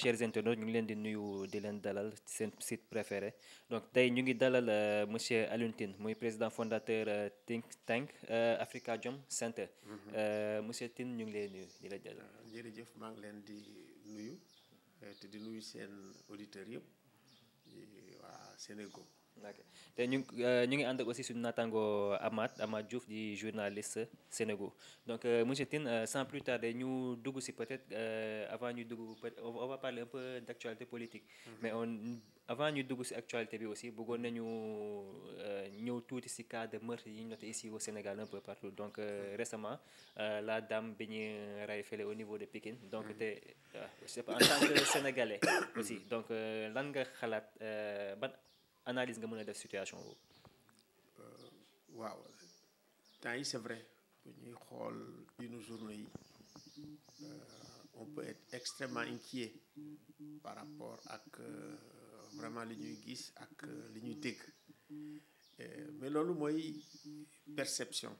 chers internautes ñu ngi leen di nuyu di leen dalal ci seen site préféré donc tey ñu ngi dalal euh, monsieur Alioune muy président fondateur euh, think tank euh, Africa Jom Center. Mhm. monsieur Tine ñu ngi lay nuyu di la dalal. jërëjëf maa ngi leen di nuyu te di nuyu seen auditeurs yëpp waa Sénégal. ok te ñu euh, ñu ngi ànd ak aussi suñu naataango Amath Amath Diouf di journaliste Sénégal donc euh, monsieur Tine euh, sans plus tarder ñu dugg si peut-être avant ñu dugg on va parler un peu d'actualité politique. Mhm. mais on avant ñu dugg si actualité bi aussi buggoon nañu ñëw tuuti si cas de meurtre yi ñu noté ici au Sénégal un peu partout donc mhm. récemment la dame bi ñu ray fële au niveau de Pikine. donc mhm. te je sais aussi donc lan nga xalaat ban. analyse nga mën a def situation euh, waaw temps yi c'est vrai bu ñuy xool yenn journaux yi euh, on peut être extrêmement inquiet par rapport ak euh, vraiment li ñuy gis ak li ñuy dégg mais loolu mooy perception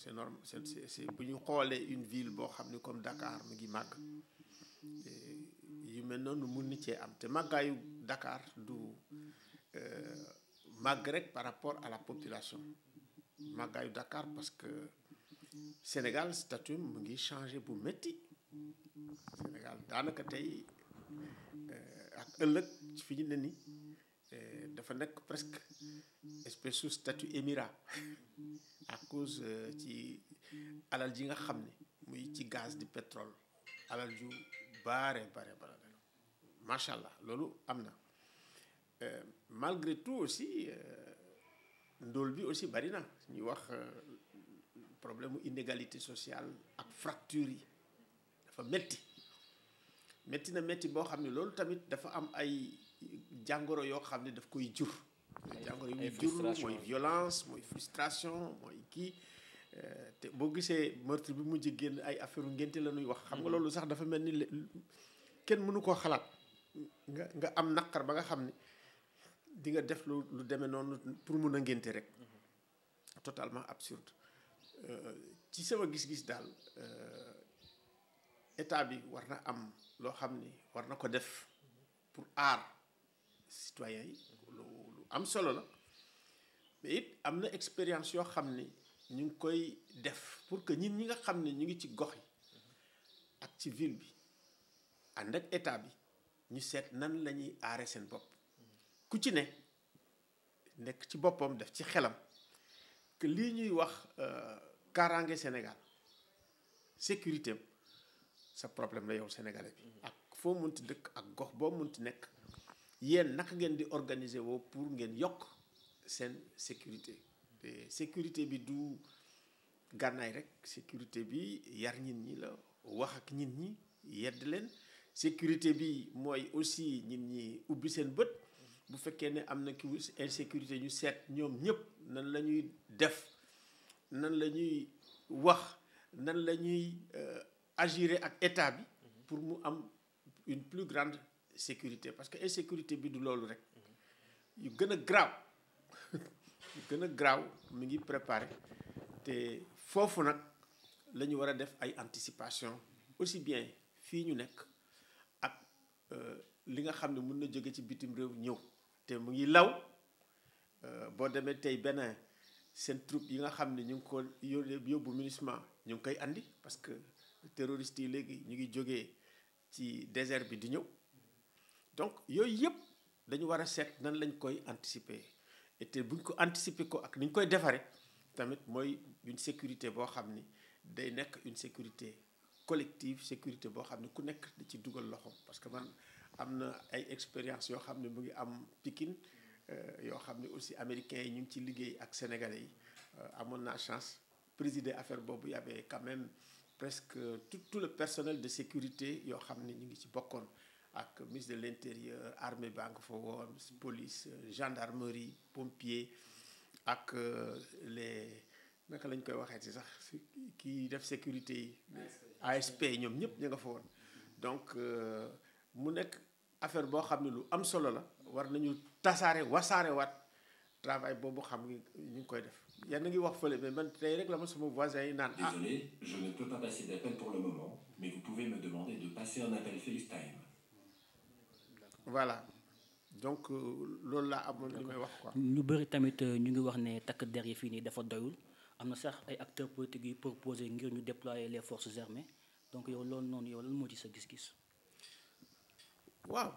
c'est normal c'est c'est bu ñu xoolee une ville boo xam ne comme Dakar mu ngi màgg yu mel noonu mun na cee am te màggaayu Dakar màgg rek par rapport à la population màggaayu Dakar parce que Sénégal statut mu ngi changé bu métti Sénégal daanaka tey euh, ak ëllëg fi ñu ne nii euh, dafa nekk presque espèce sous statut émirat à cause euh, ci alal ji nga xam ni muy ci gaz di pétrole alal ju bare bare bare macha allah loolu am na. malgré tout aussi euh, ndóol bi aussi bari na ñuy wax euh, problème mu inégalité sociale ak fracture yi dafa metti metti na metti boo xam ne loolu tamit dafa am ay jàngoro yoo xam ne daf koy jur jàngoro yu muy jur mooy violence mooy frustration mooy kii euh, te boo gisee meurtre bi mujj génn ay affaire ngénte la ñuy wax xam nga mm-hmm. loolu sax dafa mel ni kenn mënu koo xalaat nga nga am naqar ba nga xam ne di nga def lu lu demee noonu pour mun a ngénte rek totalement absurde euh, ci sama gis-gis daal euh, état bi war na am loo xam ni war na ko def pour aar citoyens yi lu lu am solo la mais it am na expérience yoo xam ne ñu ngi koy def pour que ñin ñi nga xam ne ñu ngi ci gox yi ak ci ville bi ànd ak état bi ñu seet nan lañuy ñuy aare seen bopp ku ci ne nekk ci boppam def ci xelam lii ñuy wax euh, kaaraange Sénégal sécurité sa problème la yow sénégalais ak foo munti dëkk ak gox boo munti nekk yéen naka ngeen di organiser woo pour ngeen yokk seen sécurité sécurité bi du gànnaay rek sécurité bi yar nit ñi la wax ak nit ñi yedd leen sécurité bi mooy aussi nit ñi ubbi seen bët. bu fekkee ne am na ki insécurité ñu seet ñoom ñëpp nan la ñuy def nan la ñuy wax nan la ñuy euh, agir ak état bi pour mu am une plus grande sécurité parce que insécurité bi du loolu rek yu gën a graaw yu gën a graaw mi ngi préparé te foofu nag la ñu war a def ay anticipation aussi bien fii ñu nekk ak euh, li nga xam ne mun na jóge ci bitim réew ñëw te mu ngi law euh, boo demee tey Bénin seen troupe yi nga xam ne ñu ngi ko yóbbu MINUSMA ñu ngi koy andi parce que terroristes yi léegi ñu ngi jógee ci désert bi di ñëw donc yooyu yëpp dañu war a seet nan lañ koy anticiper et te buñ ko anticiper ko ak ni ñu koy defaree tamit mooy une sécurité boo xam ni day nekk une sécurité collective sécurité boo xam ne ku nekk da ci dugal loxo parce que man. am na ay expérience yoo xam ne mu ngi am Pikine euh, yoo xam ne aussi américains yi ñu ngi ci liggéey ak sénégalais yi euh, amoon naa chance présider affaire boobu y avait quand même presque tout tout le personnel de sécurité yoo xam ne ñu ngi ci bokkoon ak ministre de l'intérieur armée baa nga fa woon police gendarmerie pompier ak euh, les naka lañ koy waxee ci sax kii def sécurité yi. a sp ñoom ñëpp ñu nga fa woon donc. Euh, mu nekk affaire boo xam ne lu am solo la war nañu tasaare wasaare waat travail boobu xam ngi ñu ngi koy def yéen a ngi wax fële mais man tey rek la ma sama voisin yi naan ah. donc euh, loolu laa amoon li koy wax quoi. ñu bëri tamit euh, ñu ngi wax ne takk der yi fii nii dafa doyul am na sax ay acteur acteurs politiques yu proposé ngir ñu déployer les forces armées donc yow loolu noonu yow lan moo ci sa gis-gis. waaw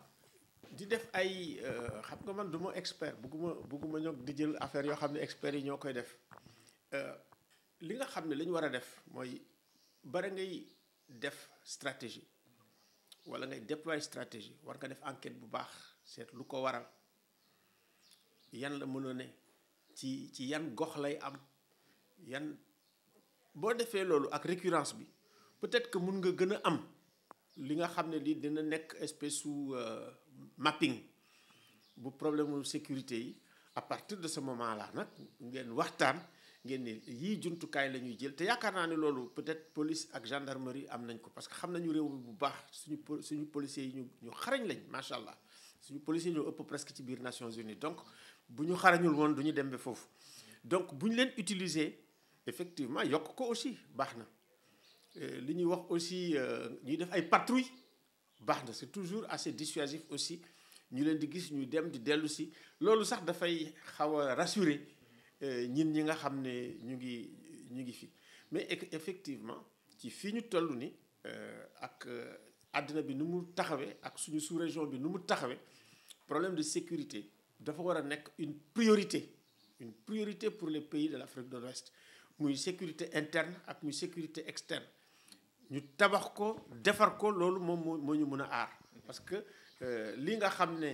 di def ay euh, xam nga man du ma expert bugguma bugguma ñoo di jël affaire yoo xam ne experts yi ñoo koy def euh, li nga xam ne la war a def mooy bare ngay def stratégie wala ngay déployer stratégie war nga def enquête bu baax seet lu ko waral yan la mën a ne ci ci yan gox lay am yan boo defee loolu ak récurrence bi peut-être que mun nga gën a am li nga xam ne li dina nekk espèce su euh, mapping bu problème mu sécurité yi à partir de ce moment là nag ngeen waxtaan ngeen ne yii jumtukaay la ñuy jël te yaakaar naa ne loolu peut-être police ak gendarmerie am nañ ko parce que xam nañu réew bu baax suñu suñu policiers yi ñu ñu xarañ lañ macha allah suñu policiers yi ëpp presque ci biir Nations Unies donc bu ñu xarañul woon du ñu dem ba foofu donc bu ñu leen utiliser effectivement yokk ko aussi baax na. Euh, li ñuy wax aussi euh, ñuy def ay patrouille baax na c'est toujours assez dissuasif aussi ñu leen di gis ñu dem di dellu si loolu sax dafay xaw a rassurer euh, ñin ñi nga xam ne ñu ngi ñu ngi fi mais e-, effectivement ci fii ñu toll ni ak àddina bi nu mu taxawee ak suñu sous-région bi nu mu taxawee problème de sécurité dafa war a nekk une priorité une priorité pour les pays de l'Afrique de l'Ouest muy sécurité interne ak muy sécurité externe ñu tabax ko defar ko loolu moom moo moo ñu mun a aar parce que euh, li nga xam ne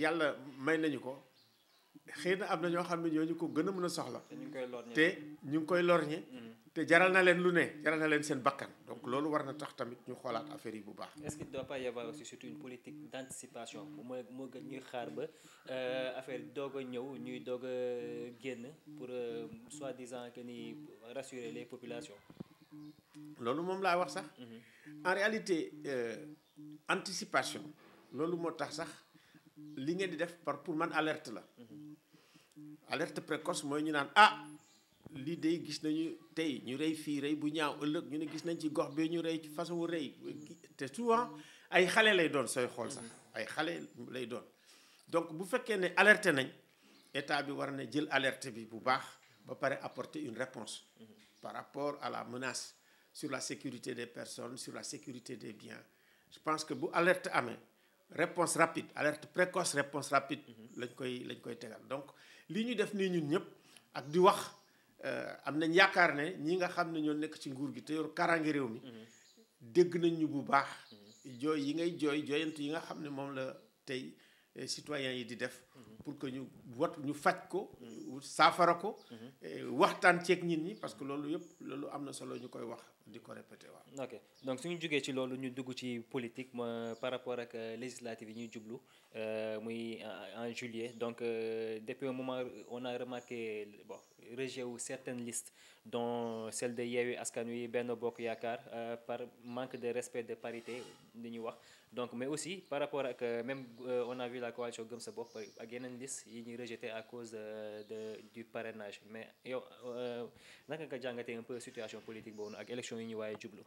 yàlla may nañu ko xëy na am na ñoo xam ne ñoo ñu ko gën a mën a soxla. te ñu ngi koy lorñe te ñu ngi koy lorñe mm-hmm. te jaral na leen lu ne jaral na leen seen bakkan donc loolu war na tax tamit ñu xoolaat affaire yi bu baax. est-ce qu'il ne doit pas y avoir surtout une politique d'anticipation mooy moo gën ñuy xaar ba euh, affaire doog a ñëw ñuy doog a génn pour euh, soi-disant que ni rassurer les populations. loolu moom laa wax sax. en réalité euh, anticipation loolu moo tax sax li ngeen di def par pour man alerte la. alerte précoce mooy ñu naan ah lii de gis nañu tey ñu rey fii rey bu ñaaw ëllëg ñu ne gis nañ ci gox bi ñu rey ci façon rey te souvent ay xale lay doon sooy xool sax ay xale lay doon. donc bu fekkee ne alerte nañ état bi war na jël alerte bi bu baax ba pare apporter une réponse par rapport à la menace sur la sécurité des personnes sur la sécurité des biens je pense que bu alerte amee réponse rapide alerte précoce réponse rapide lañ koy lañ koy tegal donc li ñu def nii ñun ñëpp ak di wax euh, am nañ yaakaar ne ñi nga xam ne ñoo nekk ci nguur gi te yor kaaraange mi dégg nañ ñu bu baax mm-hmm. jooy yi ngay jooy jooyantu yi nga xam ne moom la tey Euh, citoyens yi di def pour que ñu wat ñu faj ko mm-hmm. saafara ko mm-hmm. euh, waxtaan ceeg nit ñi parce que loolu yëpp loolu am na solo ñu koy wax di ko répété waaw. ok jógee ci loolu ñu dugg ci politique par rapport ak euh, législative yi ñuy jublu euh, muy euh, en juillet donc depuis un moment on a remarqué bon wu certaines listes dont celle de Yewwi Askan Wi benn Bokk Yaakaar par manque de respect de parité li ñu wax donc mais aussi par rapport ak même on a vu la Sa Bopp ak yeneen liste yi ñuy rejeté à cause de du parrainage mais yow naka nga jàngatee un peu situation politique boobu ak élection. yi ñu waaye jublu.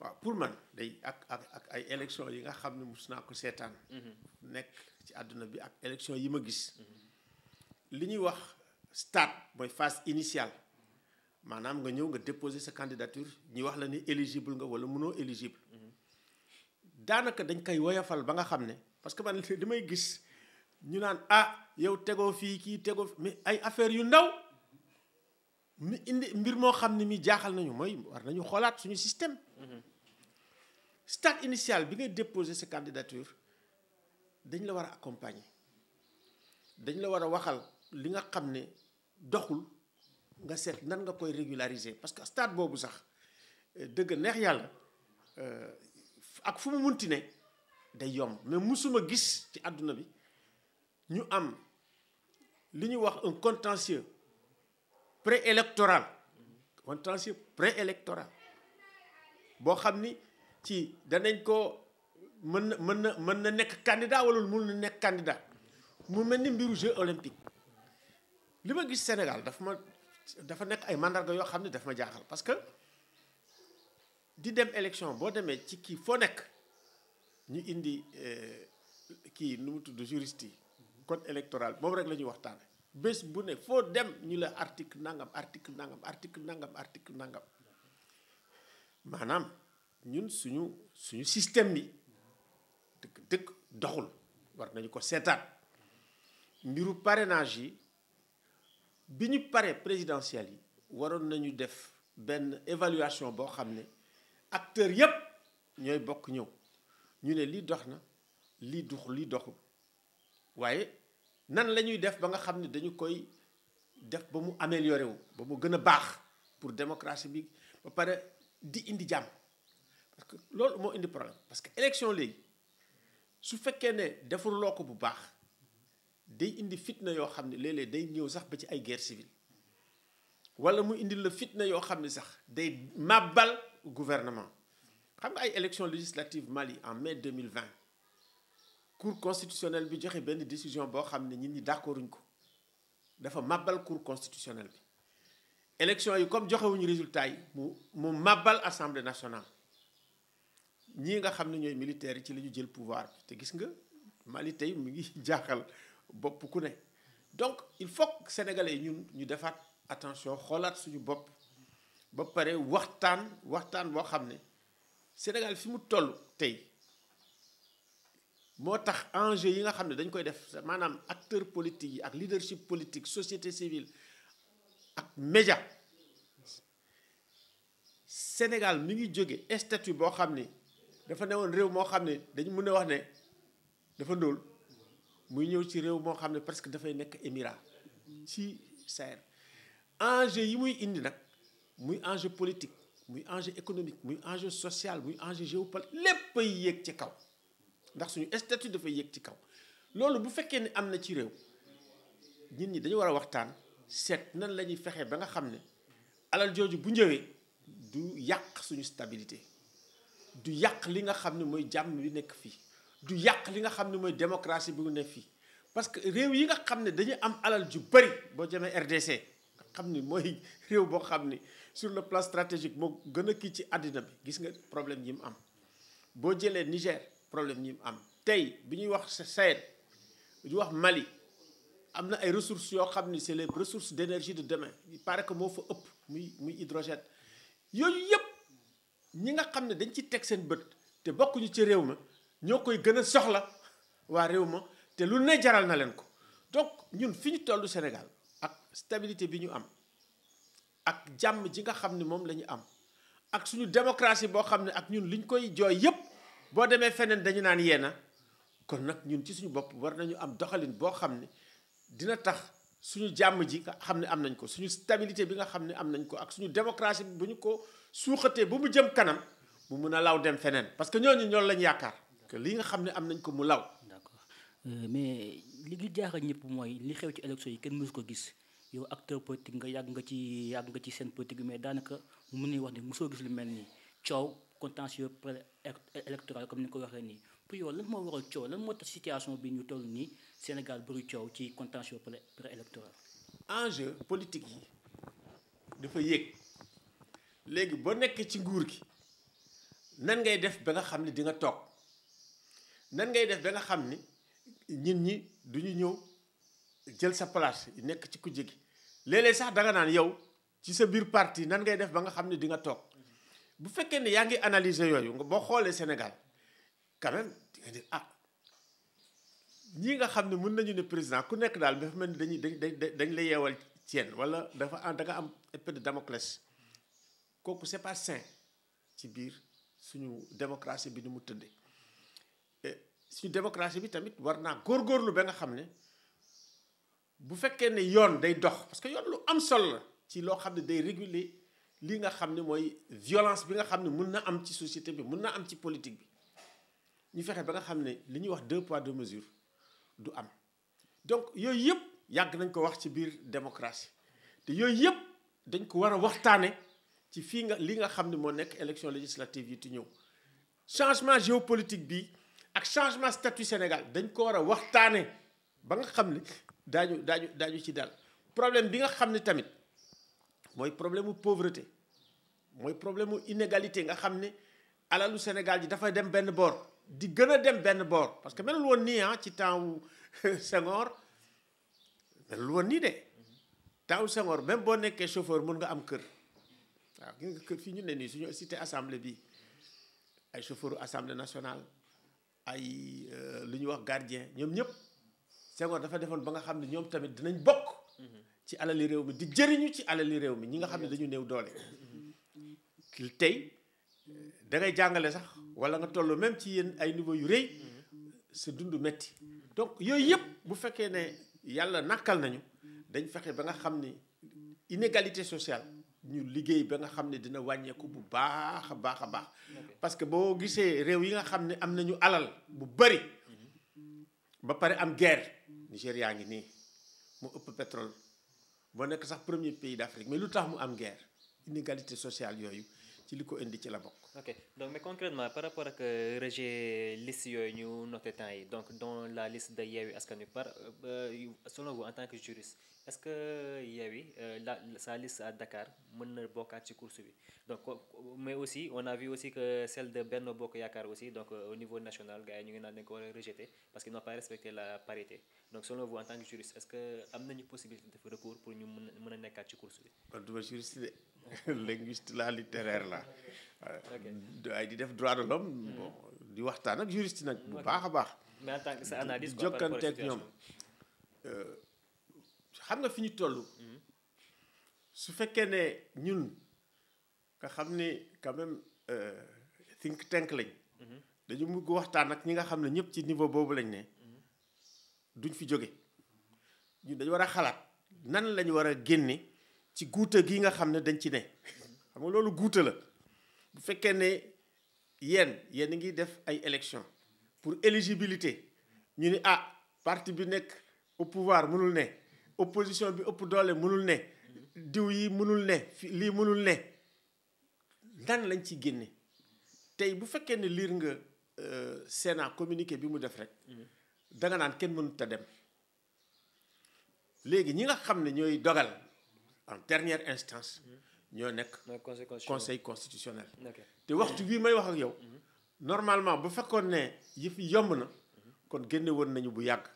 waaw pour man day ak ak ak ay élection yi nga xam ne mus naa ko seetaan. Mhm. nekk ci àdduna bi ak élection yi ma gis. li ñuy wax stade mooy phase initiale maanaam nga ñëw nga déposer sa candidature ñi wax la ni éligible nga wala mënoo éligible. Mhm. daanaka dañ koy woyafal ba nga xam ne parce que man li may gis ñu naan ah yow tegoo fii kii tegoo mais ay affaire yu ndaw. mi indi mbir moo xam ne mi jaaxal nañu mooy war nañu xoolaat suñu système. stade initial bi ngay déposer sa candidature dañ la war a accompagner dañ la war a waxal li nga xam ne doxul nga seet nan nga koy régulariser parce que stade boobu sax dëgg neex yàlla euh, ak fu mu munti ne day yomb mais musuma gis ci àdduna bi ñu am li ñuy wax un contentieux. préélectoral contentieux préélectoral boo xam ni ci danañ ko mën na mën na mën na nekk candidat wala mën na nekk candidat mu mel ni mbiru jeu olympique li ma gis Sénégal dafa ma dafa nekk ay mandarga yoo xam ne dafa ma jaaxal parce que di dem élection boo demee ci kii foo nekk ñu indi euh, kii nu mu tudd juriste yi code électoral moom rek la ñuy waxtaane bés bu ne foo dem ñu la article nangam article nangam article nangam article nangam maanaam ñun suñu suñu système bi dëkk dëkk doxul war nañu ko seetaat mbiru parrainage yi bi ñu pare présidentielle yi waroon nañu def benn évaluation boo xam ne acteur yépp ñooy bokk ñëw ñu ne lii dox na lii dux lii doxul waaye nan la ñuy def ba nga xam ne dañu koy def ba mu amélioré wu ba mu gën a baax pour démocratie bi ba pare di indi jàmm parce que loolu moo indi problème parce que élection léegi su fekkee ne deful loo ko bu baax day indi fitna yoo xam ne léeg-léeg day ñëw sax ba ci ay guerre civile wala mu indi la fitna yoo xam ne sax day màbbal gouvernement xam nga ay élection législative Mali en mai 2020 cour constitutionnelle bi joxe benn décision boo xam ne nit ñi d'accorduñ ko dafa màbbal cour constitutionnelle bi élection yi comme joxewuñu résultat yi mu mu màbbal assemblée nationale ñii nga xam ne ñooy militaires yi ci la ñu jël pouvoir bi te gis nga Mali tey mu ngi jaaxal bopp ku ne donc il faut que yi ñun ñu defaat attention xoolaat suñu bopp ba pare waxtaan waxtaan boo xam ne Sénégal fi mu toll tey moo tax enjeu yi nga xam ne dañ koy def maanaam acteur politique yi ak leadership politique société civile ak média Sénégal mi ngi jóge statut boo xam ne dafa newoon réew moo xam ne dañ mën a wax ne dafa ndóol muy ñëw ci réew moo xam ne parce que dafay nekk émirat ci Sahel enjeu yi muy indi nag muy enjeu politique muy enjeu économique muy enjeu social muy enjeu géopolitique lépp ay yéeg ci kaw ndax suñu statut dafay yéeg ci kaw loolu bu fekkee ne am na ci réew nit ñi dañu war a waxtaan seet nan la ñuy fexee ba nga xam ne alal jooju bu ñëwee du yàq suñu stabilité du yàq li nga xam ne mooy jàmm bi nekk fii du yàq li nga xam ne mooy démocratie bi nekk fii parce que réew yi nga xam ne dañu am alal ju bëri boo jemee RDC nga xam ne mooy réew boo xam ne sur le plan stratégique moo gën a kii ci àddina bi gis nga problème yi mu am boo jëlee Niger problème yi mu am tey bi ñuy wax Sahel bi wax Mali am na ay ressources yoo xam ni c'est ressource ressources d'énergie de demain il paraît que moo fa ëpp muy muy hydrogène yooyu yëpp ñi nga xam ne dañ ci teg seen bët te bokkuñu ci réew ma ñoo koy gën a soxla waa réew ma te lu ne jaral na leen ko donc ñun fi ñu tollu Sénégal ak stabilité bi ñu am ak jàmm ji nga xam ne moom la am ak suñu démocratie boo xam ne ak ñun liñ koy jooy yëpp boo demee feneen dañu naan yeena kon nag ñun ci suñu bopp war nañu am doxalin boo xam ne dina tax suñu jàmm ji nga xam ne am nañ ko suñu stabilité bi nga xam ne am nañ ko ak suñu démocratie bi bu ñu ko suuxatee bu mu jëm kanam mu mun a law dem feneen parce que ñooñu ñoom lañ yaakaar que li nga xam ne am nañ ko mu law. d'accord euh, mais li li jaaxal ñëpp mooy li xew ci élection yi kenn mësu ko gis yow acteur politique nga yàgg nga ci yàgg nga ci seen politique mais daanaka mu mun wax ne mosoo gis lu mel nii coow. contentieux électoral comme ni ko waxee nii pour yow lan moo waral coow lan moo tax situation bi ñu toll nii Sénégal bëri coow ci contentieux pré-électoral enjeu politique yi dafa yéeg léegi boo nekkee ci nguur gi nan ngay def ba nga xam ni di toog nan ngay def ba xam ni nit ñi duñu ñëw jël sa place nekk ci kujje gi léeg sax danga naan yow ci sa biir parti nan ngay def ba nga xam ni di nga toog bu fekkee ne yaa ngi analyser yooyu nga boo xoolee Sénégal quand même di nga ah ñii nga xam ne mën nañu ne président ku nekk daal dafa mel ni dañuy dañ dañ la yeewal ceen wala dafa en danga am épée de Damoclès kooku c'est pas sain ci biir suñu démocratie bi ni mu tëddee suñu démocratie bi tamit war naa góor góorgóorlu ba nga xam ne bu fekkee ne yoon day dox parce que yoon lu am solo la ci loo xam ne day réguler lii nga xam ne mooy violence bi nga xam ne mun na am ci société bi mun na am ci politique bi ñu fexe ba nga xam ne li ñuy wax deux poids deux mesures du am donc yooyu yëpp yàgg nañ ko wax ci biir démocratie te yooyu yëpp dañ ko war a waxtaane ci fii nga li nga xam ne moo nekk élection législative yi ti ñëw changement géopolitique bi ak changement statut Sénégal dañ ko war a waxtaane ba nga xam ne daañu daañu daañu ci dal problème bi nga xam ne tamit mooy problème mu pauvreté mooy problème mu inégalité nga xam ne alalu Sénégal ji dafa dem benn boor di gën a dem benn boor parce que melul woon nii ah ci temps wu Senghor melul woon nii de temps wu Senghor même boo nekkee chauffeur mun nga am kër waaw gis nga kër fii ñu ne nii suñu cité assemblée bi ay chauffeur assemblée nationale ay euh, lu ñuy wax gardien ñoom ñëpp Senghor dafa defoon ba nga xam ne ñoom tamit dinañ bokk. ci alali réew mi di jëriñu ci alali réew mi ñi nga xam ne dañu new doole tey da jàngale sax wala nga toll même ci yéen ay niveau yu rëy sa dund metti donc yooyu yëpp bu fekkee ne yàlla nakkal nañu dañ fexe ba nga xam ni inégalité sociale ñu liggéey ba nga xam ne dina wàññeeku bu baax a baax a baax parce que boo gisee réew yi nga xam ne am nañu alal bu bari ba pare am guerre Nigéria ngi nii mu ëpp pétrole moo nekk sax premier pays d'Afrique mais lu tax mu am guerre inégalité sociale yooyu ci li ko indi ci la bokk. ok donc mais concrètement par rapport ak euh, rejet liste yooyu ñu noté temps yi donc dans la liste de Yewwi Askan Wi par euh, selon vous en tant que juriste est-ce que euh, Yewwi la sa liste à Dakar mën na bokkaat ci course bi donc mais aussi on a vu que celle de Benno Bokk Yaakaar aussi donc au niveau national gars ñu ngi naan dañ ko war a rejeter parce qu'ils n'ont pas respecté la parité donc selon vous en tant que juriste est-ce que am nañu possibilité de recours pour ñu mën a mën a nekkaat ci course bi. linguiste la littéraire la waaye euh, di def droit de l'homme di waxtaan ak juriste nag bu baax a baax di jokkanteeg ñoom euh, xam nga fi ñu tollu mhm. su fekkee ne ñun nga xam ni quand même euh, think tank lañ mhm. dañu mugg waxtaan ak ñi nga xam ne ñëpp ci niveau boobu lañ ne mhm. duñ fi jóge ñu dañ war a xalaat nan lañ war a génne ci guuta gi nga xam ne dañ ci ne xam nga loolu guuta la bu fekkee ne yéen yéen ngi def ay élection pour éligibilité ñu ni ah parti bi nekk au pouvoir mënul ne opposition bi ëpp doole mënul ne diw yi mënul ne lii mënul ne nan lañ ci génne tey bu fekkee ne liir nga euh, Sénat communiqué bi mu def rek mm-hmm. danga naan kenn mënut a dem léegi ñi nga xam ne ñooy dogal en dernière instance ñoo nekk conseil constitutionnel te waxtu bii may wax ak yow normalement bu fekkoon ne yëf yi yomb na kon génne woon nañu bu yàgg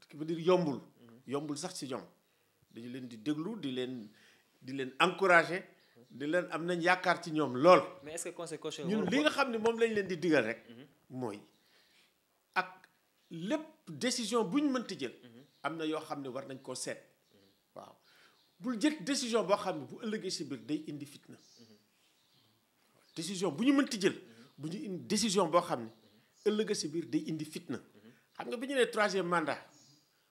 ce qui veut dire yombul yombul sax ci ñoom dañu leen di déglu di leen di leen encourager di leen am nañ yaakaar ci ñoom lool mais est-ce que ñun li nga xam ne moom lañ leen di digal rek mhm. mooy ak lépp décision bu ñu mënti jël mhm. am na yoo xam ne war nañ koo seet bul jël décision boo xam ne bu ëllëgee si biir day indi fitna décision bu ñu mënti jël bu ñu indi décision boo xam ne ëllëgee si biir day indi fitna xam nga bi ñu nee troisième mandat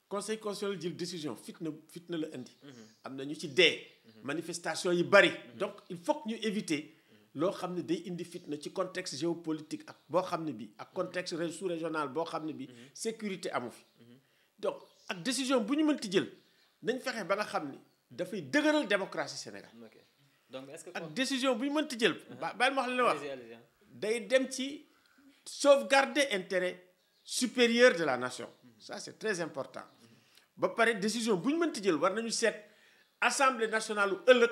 conseil constitutionnel jël décision fitna fitna la indi. am na ñu ci dee. manifestation yi bari. donc il faut ñu éviter. loo xam ne day indi fitna ci contexte géopolitique ak boo xam ne bi ak contexte sous régional boo xam ne bi sécurité amu fi donc ak décision bu ñu mënti jël nañ fexe dafay dëgëral démocratie Sénégal. ok donc est-ce que. ak décision bu ñu mënti jël. ba baal ma wax li la dem ci sauvegarder intérêt supérieur de la nation. Mhm. ça c'est très important. ba pare décision bu ñu mënti jël war nañu seet assemblée nationale lu ëllëg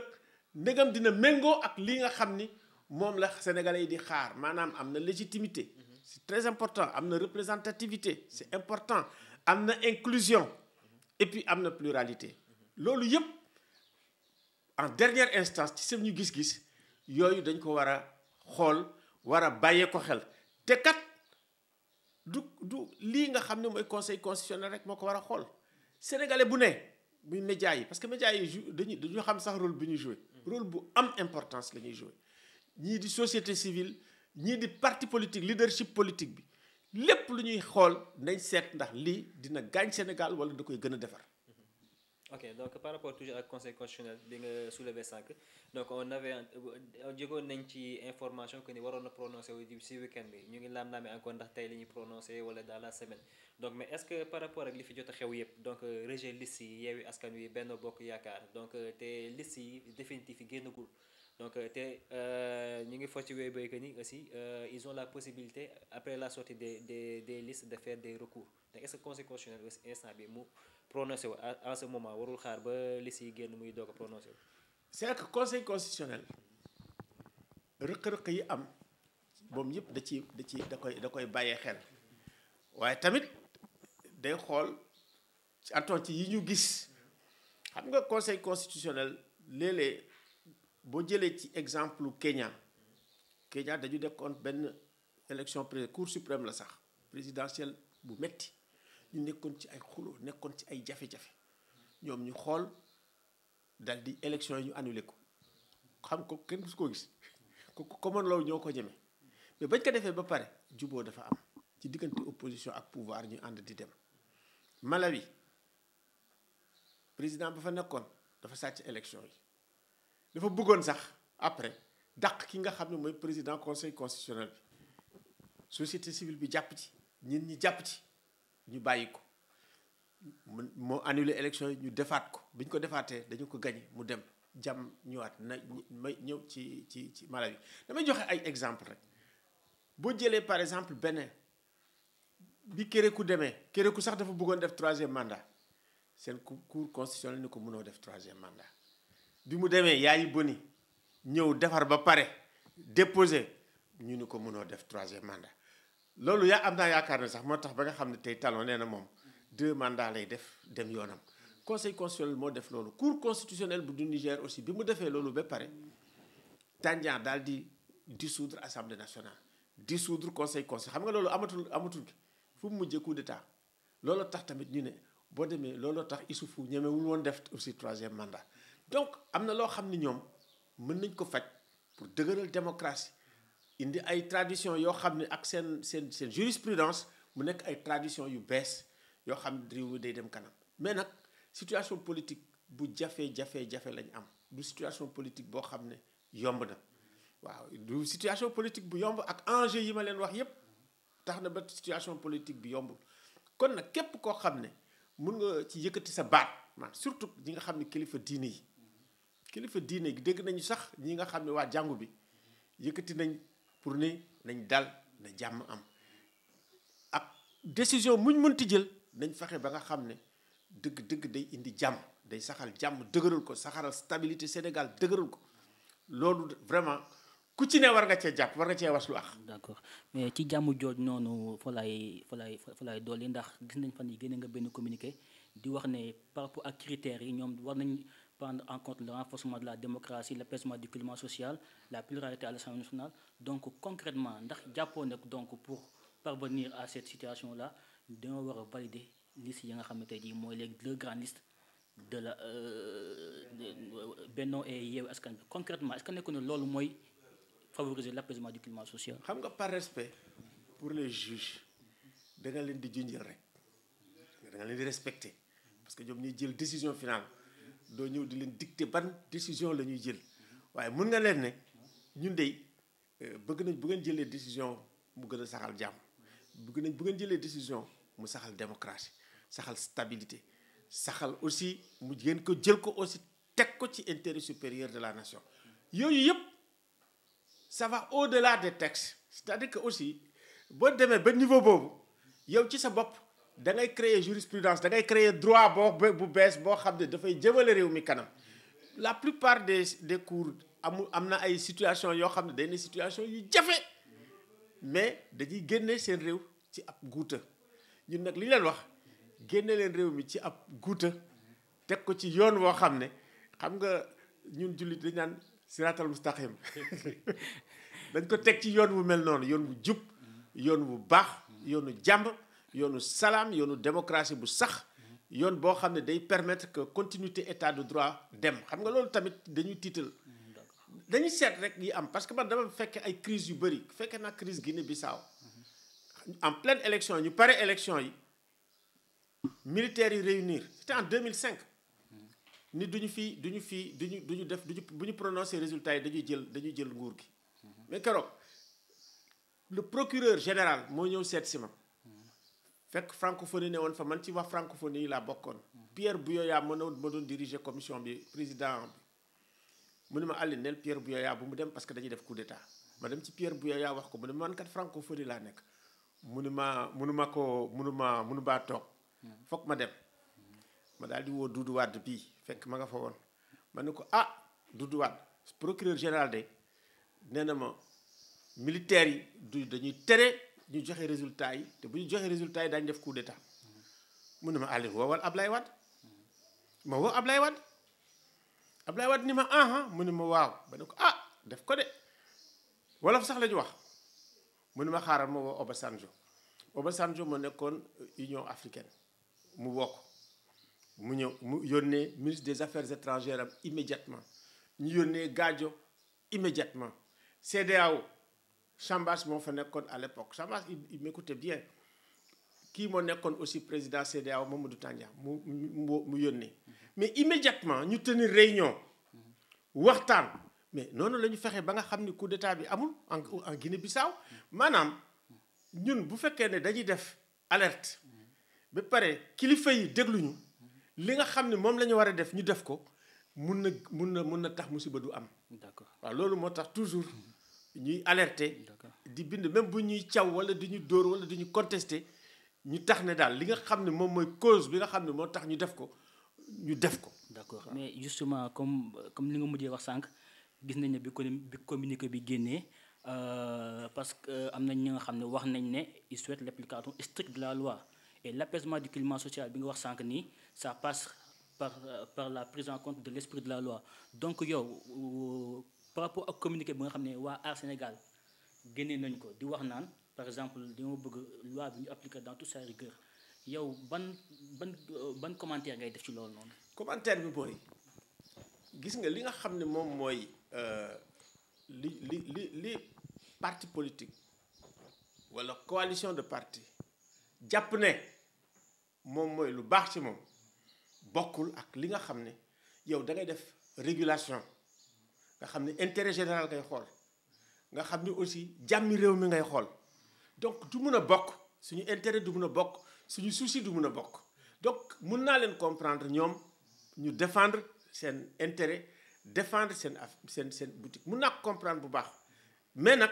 ndegam dina méngoo ak li nga xam ni moom la sénégalais yi di xaar maanaam am na légitimité. Mhm. c'est très important am na représentativité c'est important am na inclusion mhm. et puis am na pluralité loolu yëpp. en dernière instance ci seen ñu gis-gis yooyu dañ ko war a xool war a bàyyee ko xel te kat du du lii nga xam ne mooy conseil constitutionnel rek moo ko war a xool sénégalais bu ne muy médias yi parce que médias yi jou dañu dañu xam sax rôle bu ñuy joué rôle bu am importance la ñuy joué ñii di société civile ñii di parti politique leadership politique bi lépp lu ñuy xool nañ seet ndax lii dina gaañ Sénégal wala da koy gën a defar ok donc par rapport toujours ak conseil constitutionnel bi nga soulevé sànq donc on avait jógoon nañ ci information que ni waroon na prononcé wu si week bi ñu ngi laam laame encore ndax tey li ñuy prononcé wala dans la semaine donc mais est-ce que par rapport ak li fi jot a xew yëpp donc euh, rejet liste yi Yewwi Askan Wi Benno Bokk Yaakaar donc euh, te liste yi définitif yi génnagul donc euh, te ñu ngi focc ci wéy béykat yi aussi euh, ils ont la possibilité après la sortie des des des listes de faire des instant bi mu prononcé wu en ce moment warul xaar ba liste yi génn muy doog a prononcé wu. c'est que conseil constitutionnel rëq-rëq yi am moom yëpp da ci da ci da koy da koy bàyyee xel waaye tamit day xool ci anton ci yi ñu gis xam nga conseil constitutionnel léeg-léeg boo jëlee ci exemple Kenya Kenya dañu nekkoon benn élection pré cour suprême la sax présidentielle bu metti ñu nekkoon ci ay xuloo nekkoon ci ay jafe-jafe ñoom ñu xool dal di élection yi ñu annulé ko xam ko kenn su ko gis ko common loolu ñoo ko ñemee mais bañ ko defee ba pare juboo dafa am ci diggante opposition ak pouvoir ñu ànd di dem Malawi président ba fa nekkoon dafa sàcc élection yi dafa bëggoon sax après daq ki nga xam ne mooy président conseil constitutionnel bi société civile bi jàpp ci ñin ñi jàpp ci ñu bàyyi ko moo annulé élection yi ñu defaat ko bi ñu ko defaatee dañu ko gañe mu dem jàmm ñëwaat na may ñëw ci ci ci Malawi damay joxe ay exemple rek boo jëlee par exemple Bénin bi Kérékou demee Kérékou sax dafa buggoon def troisième mandat seen cour constitutionnel ni ko mënoo def troisième mandat bi mu demee Yayi Boni ñëw defar ba pare déposé ñu ni ko mënoo def troisième mandat loolu yaa am naa yaakaar ne sax moo tax ba nga xam ne tey Talon nee na moom deux mandats lay def dem yoonam conseil constitutionnel moo def loolu cour constitutionnelle bu du Niger aussi bi mu defee loolu ba pare Tandian daal di dissoudre assemblée nationale dissoudre conseil constitutionnel xam nga loolu amatul amatul fu mu mujjee coup d'état loolu tax tamit ñu ne boo demee looloo tax Issoufou ñemewul woon def aussi troisième mandat donc am na loo xam ne ñoom mën nañ ko faj pour dëgëral démocratie indi ay tradition yoo xam ne ak seen seen seen jurisprudence mu nekk ay tradition yu bees yoo xam ne réew mi day dem kanam mais nag situation politique bu jafe-jafe-jafe lañ am du situation politique boo xam ne yomb na waaw du situation politique bu yomb ak enjeu yi ma leen wax yépp tax na ba situation politique bi yomb kon nag képp koo xam ne mun nga ci yëkkati sa baat man surtout ñi nga xam ne kilifa diine yi kilifa diine yi dégg nañu sax ñi nga xam ne waa jàngu bi yëkkati nañ pour ni nañ daal na jàmm am ak décision muñ mënti jël nañ faxe ba nga xam ne dëgg-dëgg day indi jàmm day saxal jàmm dëgëral ko saxaral stabilité Sénégal dëgëral ko loolu vraiment ku ci ne war nga cee jàpp war nga cee waslu ak. d'accord mais ci jàmm jooj noonu falaay laay fa laay laay dolli ndax gis nañ fan yi génne nga benn communiqué di wax ne par rapport ak critères yi ñoom war nañ. prendre en compte le renforcement de la démocratie l'apaisement du climat social la pluralité à l'Assemblée nationale donc concrètement ndax jàppoo nag donc pour parvenir à cette situation là dama war a valider liste yi nga xamante ji mooy léegi deux grandes listes de la euh, Benno et Yewwi Askan Wi concrètement est-ce que nekku ne loolu mooy favoriser l'apaisement du climat social xam nga par respect pour les juges da leen di junjël rek da leen di respecter parce que ñoom ñuy doo ñëw di leen dicter ban décision la ñuy jël waaye mun nga leen ne ñun de euh, bëgg nañ bu ngeen jëlee décision mu gën a saxal jàmm bëgg nañ bu ngeen jëlee décision mu saxal démocratie saxal stabilité saxal aussi mu ngeen ko jël ko aussi teg ko ci intérêt supérieur de la nation yooyu yëpp ça va au-delà des textes cest à que aussi boo demee ba niveau boobu yow ci sa bopp da ngay créer jurisprudence dangay créer droit boo bu bees boo xam ne dafay jëmale réew mi kanam la plupart des des cours amul am na ay situation yoo xam ne day situation yu jafe mais dañuy génne seen réew ci ab guuta ñun nag li leen wax génne leen réew mi ci ab guuta teg ko ci yoon woo xam ne xam nga ñun jullit dañ naan siratal mustaqim dañ ko teg ci yoon wu mel noonu yoon wu jub yoon wu baax yoonu jàmb yoonu salaam yoonu démocratie bu sax yoon boo xam ne day permettre que continuité état de droit dem xam nga loolu tamit dañuy tiital dañuy seet rek yi am parce que man dama fekkee ay crise yu bëri fekkee naa crise Guinée Bissau en pleine élection ñu pare élection yi militaires yi réunir c'était en 2005 ni duñu fii duñu fii duñu duñu def duñu bu ñu prononcer résultat yi dañuy jël dañuy jël nguur gi mais keroog le procureur général moo ñëw seet si ma fekk francophonie ne woon fa man ci wax francophonie yi laa bokkoon Pierre Buyoya ma ne ma doon diriger commission bi président bi mu ne ma àlli neel Pierre Buyoya bu mu dem parce que dañuy def coup d'état ma dem ci Pierre Buyoya wax ko mu ne man kat francophonie laa nekk mu ne ma munu ma ko munu ma munu baa toog foog ma dem ma daal di woo Doudou Wade bii fekk ma nga fa woon ma ne ko ah Doudou Wade procureur général de nee na ma militaires yi du dañuy tere ñu joxe résultat yi te bu ñu joxe résultat yi daañu def coup d'état mu ne ma Alioune woowal Ablaye Wade ma woo Ablaye Wade Ablaye Wade ni ma aha mu ne ma waaw ba ne ko ah def ko de wolof sax la wax mu ne ma xaaral ma woo Obasanjo Obasanjo ma nekkoon Union africaine mu wokk mu ñëw mu yónnee ministre des affaires étrangères am immédiatement ñu yónnee Gadio immédiatement aw Chambas moo fa nekkoon à l'époque Chambas il, il m'écoutait bien kii moo nekkoon aussi président CEDEAO du Tandja mu mu mu yónnee mais immédiatement ñu tenir réunion waxtaan mais noonu la ñu fexe ba nga xam ni coup d'état bi amul en en Guinée-Bissau maanaam ñun bu fekkee ne dañuy def alerte ba pare kilifa yi dégluñu li nga xam ne moom la ñu war a def ñu def ko mun na mun na mun na tax musiba du am. d'accord waaw loolu moo tax toujours. ñuy alerter di bind même bu ñuy caw wala di ñu dóor wala di ñu contester ñu tax ne daal li nga xam ne moom mooy cause bi nga xam ne moo tax ñu def ko ñu def ko. d'accord mais justement comme comme li nga mujjee wax sànq gis nañ ne bi bi communiqué bi génnee euh, parce que euh, am nañ ñi nga xam ne wax nañ ne ils souhaitent l'application stricte de la loi et l'apaisement du climat social bi nga wax sànq nii ça passe par euh, par la prise en compte de l'esprit de la loi donc yow. par rapport ak communiqué bi nga xam ne waa Aar Sénégal génne nañ ko di wax naan par exemple di dama bëgg loi bi ñu appliquer dans toute sa rigueur yow ban ban ban commentaire ngay def ci loolu noonu. commentaire bi booy gis nga li nga xam ne moom mooy euh, li li li li parti politique walla coalition de parti jàpp ne moom mooy lu baax ci moom bokkul ak li nga xam ne yow da ngay def régulation. nga xam ne intérêt général ngay xool nga xam ne aussi jàmmi réew mi ngay xool donc du mun a bokk suñu intérêt du mun a bokk suñu souci du mun a bokk donc mun naa leen comprendre ñoom ñu défendre seen intérêt défendre seen af seen seen boutique mun naa comprendre bu baax mais nag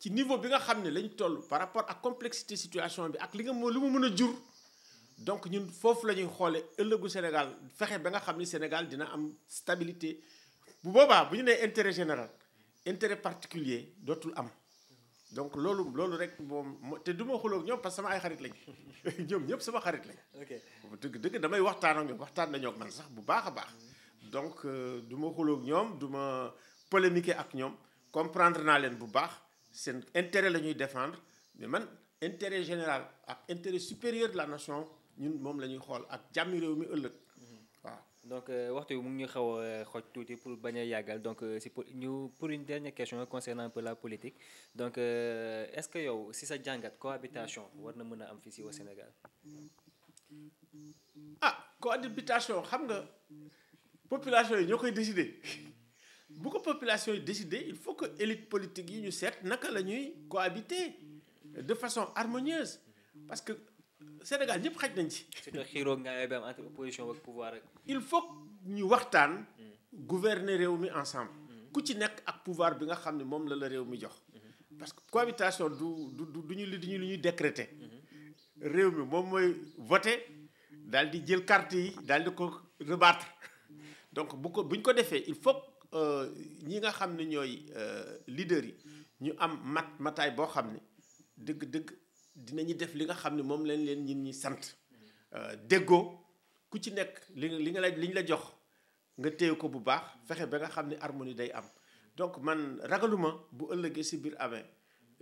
ci niveau bi nga xam ne lañ toll par rapport ak complexité situation bi ak li nga moo li mu mun a jur donc ñun foofu la ñuy xoole ëllëgu Sénégal fexe ba nga xam ni Sénégal dina am stabilité bu boobaa bu ñu nee intérêt général intérêt particulier dootul am donc loolu loolu rek moom te du ma xuloo ak ñoom parce que sama ay xarit lañ ñëpp sama xarit lañ. ok dëgg dëgg damay waxtaan ak waxtaan nañoo ak man sax bu baax a baax. donc euh, du ñoom du ma polémiquer ak ñoom comprendre naa leen bu baax seen intérêt la ñuy défendre man intérêt général ak intérêt supérieur la nation ñun moom la ñuy xool ak jàmmi réew mi ëllëg. donc euh, waxtu yi mu ngi ñu xaw a euh, xooj tuuti pour bañ a yàggal donc euh, si pour ñu pour une dernière question concernant un la politique donc est-ce que yow si sa jàngat cohabitation war na mën a am fii si au Sénégal. ah cohabitation xam nga population yi ñoo koy décider bu ko population yi décider il faut que élite politique yi ñu seet naka la ñuy cohabiter de façon harmonieuse parce Sénégal ñëpp xaj nañ ci. xiiroo nga ba am entre opposition ak pouvoir il faut ñu waxtaan. Mm. gouverner réew mi ensemble. Mm. ku ci nekk ak pouvoir bi nga xam ne moom la la réew mi jox. Mm-hmm. parce que cohabitation du du du ñu li ñu lu ñuy décréter. Mm-hmm. réew mi moom mooy voté daal di jël carte yi daal di ko rebattre donc bu ko bu ñu ko defee il faut euh, ñi nga xam ne ñooy euh, leaders yi ñu am mat mataay boo xam ne dëgg-dëgg. dinañu def li nga xam ne moom lañ leen ñin ñi sant euh, déggoo ku ci nekk li li nga la li ñu la jox nga téye ko bu baax fexe ba nga xam ne harmonie day am donc man ragaluma bu ëllëgee si biir amee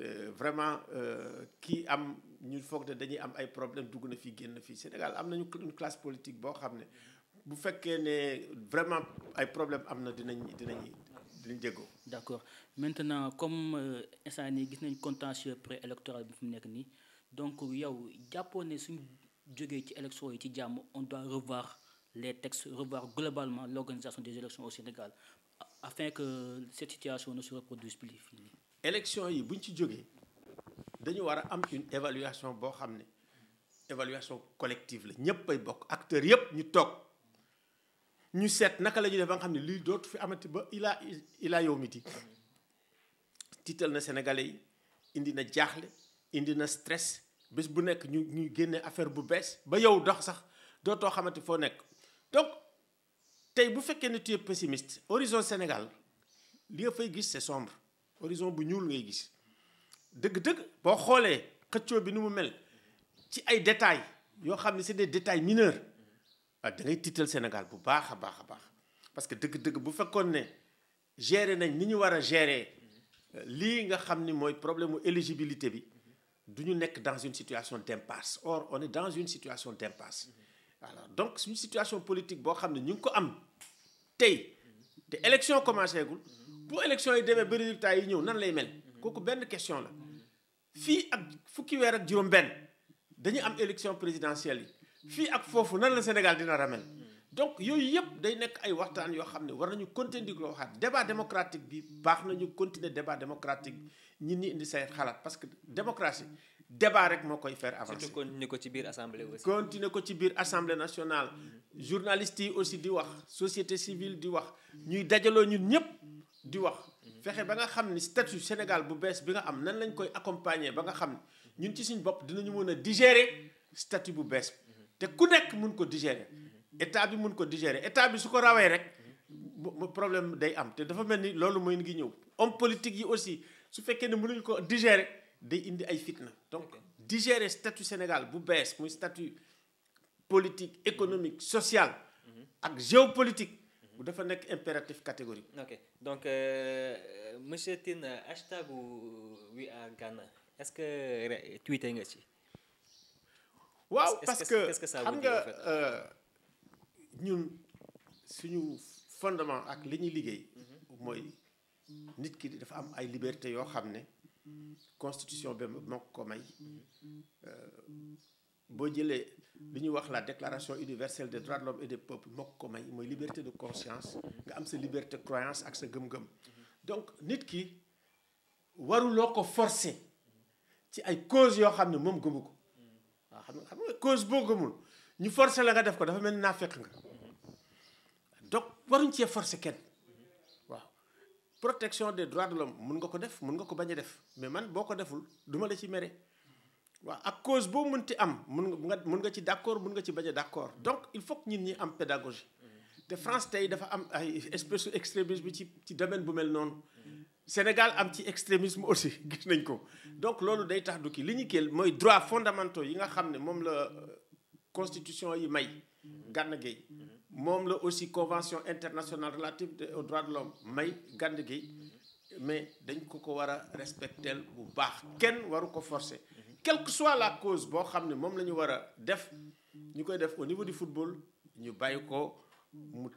euh, vraiment euh, kii am ñu foog de dañuy am ay problème dugg na fii génn fii Sénégal am nañu une classe politique boo xam ne bu fekkee ne vraiment ay problème am na dinañ dinañ dinañ déggoo. d' accord maintenant comme instant yi gis nañ contentieux pré électoral bi fi mu nekk nii. donc yow jàppoo ne suñ jógee ci élection yi ci jàmm on doit revoir les textes revoir globalement l'organisation des élections au Sénégal afin que cette situation ne se reproduise plus fii. yi bu ñu ci jógee dañu war a am une évaluation boo xam ne évaluation collective la ñëpp ay bokk acteur yëpp ñu toog ñu seet naka la ñuy def xam ne lii dootu fi amati ba ilaa ilaa yow miti tiital na sénégalais yi indi na jaaxle. indi na stress bés bu nekk ñu ñu génne affaire bu bees ba yow dox sax dootoo xamante foo nekk donc tey bu fekkee ne tu es pessimiste horizon Sénégal li nga fay gis c'est sombre horizon bu ñuul ngay gis dëgg-dëgg boo xoolee xëccoo bi ni mu mel ci ay détails yoo xam ne c'est des détails mineurs ah da tiital Sénégal bu baax a baax a baax parce que dëgg-dëgg bu fekkoon ne gérer nañ ni ñu war a gérer euh, lii nga xam ni mooy problème mu éligibilité bi du ñu nekk dans une situation d'impasse or on est dans une situation d'impasse alors donc suñu situation politique boo xam ne ñu ngi ko am tey te élection commencé gul bu élection yi demee ba résultat yi ñëw nan lay mel kooku benn question la fii ak fukki weer ak juróom dañuy am élection présidentielle yi fii ak foofu nan la Sénégal dina ramel donc yooyu yëpp day nekk ay waxtaan yoo xam ne war nañu continuer di ko waxaat débat démocratique bi baax na ñu continuer débat démocratique bi ñit ñi indi say xalaat parce que démocratie débat rek moo koy faire avancer. surtout continuer ko ci biir assemblée aussi. continuer ko ci biir assemblée nationale. journalistes yi aussi di wax. société civile di wax. ñuy dajaloo ñun ñëpp di wax. fexe ba nga xam ni statut Sénégal bu bees bi nga am nan lañ koy accompagner ba nga xam ni ñun ci suñ bopp dinañu mën a digérer statut bu bees te ku nekk mun ko digérer. état bi mun ko digérer état bi su ko rawee rek. problème day am te dafa mel ni loolu mooy ngi ñëw homme politique yi aussi. su fekkee ne mënuñu ko digérer day indi ay fitna donc digérer statut Sénégal bu bees muy statut politique économique social ak géopolitique bu dafa nekk impératif catégorique ok donc euh, monsieur Tine hashtag We Are Ghana est-ce que tweeté nga ci waaw parce que xam nga euh, ñun suñu fondement ak li ñuy liggéey mhm. nit ki dafa am ay liberté yoo xam ne constitution bi moo ko may euh, boo jëlee lu ñuy wax la déclaration universelle des droits de l'homme et des peuples moo ko may mooy liberté de conscience nga am sa liberté croyance ak sa gëm-gëm donc nit ki waruloo ko forcer ci ay cause yoo xam ne moom gëmu ko waaw xam nga xam nga cause boo gëmul ñu forcer la nga def ko dafa mel naa fekk nga donc waruñ cee forcer kenn protection des droits de l'homme mun nga ko def mun nga ko bañ a def mais man boo ko deful duma la ci mere waaw ak cause boo mënti am mun nga mun nga ci d'accord mun nga ci bañ a d'accord donc il faut que ñun ñi am pédagogie te France tey dafa am ay espèce extrémisme ci ci domaine bu mel noonu Sénégal am ci extrémisme aussi gis nañ ko donc loolu day tax du kii li ñu kii mooy droits fondamentaux yi nga xam ne moom la euh, constitution yi may gànn gay moom la aussi convention internationale relative aux droits de l'homme may gànd gi mais dañ ko ko war a respecter bu baax kenn waru ko forcer quelle que soit la cause boo xam ne moom la ñu war a def ñu koy def au niveau du football ñu bàyyi ko mu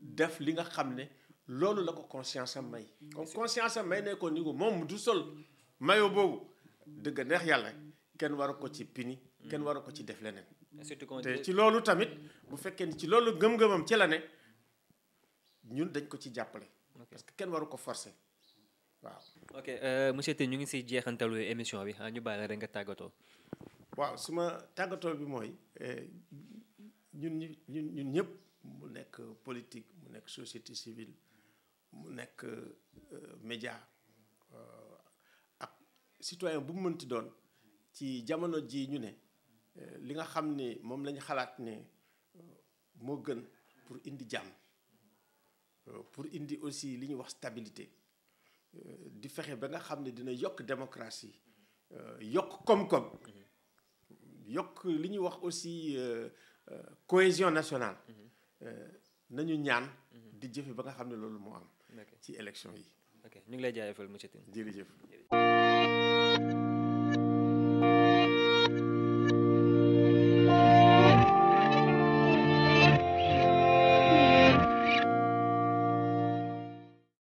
def li nga xam ne loolu la ko conscience am may comme conscience am may ne ko ni ko moom du sol mayo boobu dëgg neex yàlla kenn waru ko ci pini kenn waru ko ci def leneen te ci loolu tamit bu fekkee ni ci loolu gëm-gëmam ci la ne ñun dañ ko ci jàppale. parce que kenn waru ko forcer waaw. ok euh, monsieur Tine ñu ngi si jeexantalu émission bi ah, ñu bàyyi la rek tàggatoo. waaw suma tàggatoo bi mooy euh, ñun ñun ñun ñëpp mu nekk politique mu nekk société civile mu nekk euh, média ak citoyen bu mu mënti doon ci jamono ji ñu ne. li nga xam ne moom lañu xalaat ne euh, moo gën pour indi jàmm euh, pour indi aussi li ñuy wax stabilité euh, di fexe ba nga xam ne dina yokk démocratie yokk koom-koom yokk li ñuy wax aussi cohésion nationale mhm. nañu ñaan mhm. di jëfe ba nga xam ne loolu moo am ci élection yi ok ñu ngi lay jaajëfal monsieur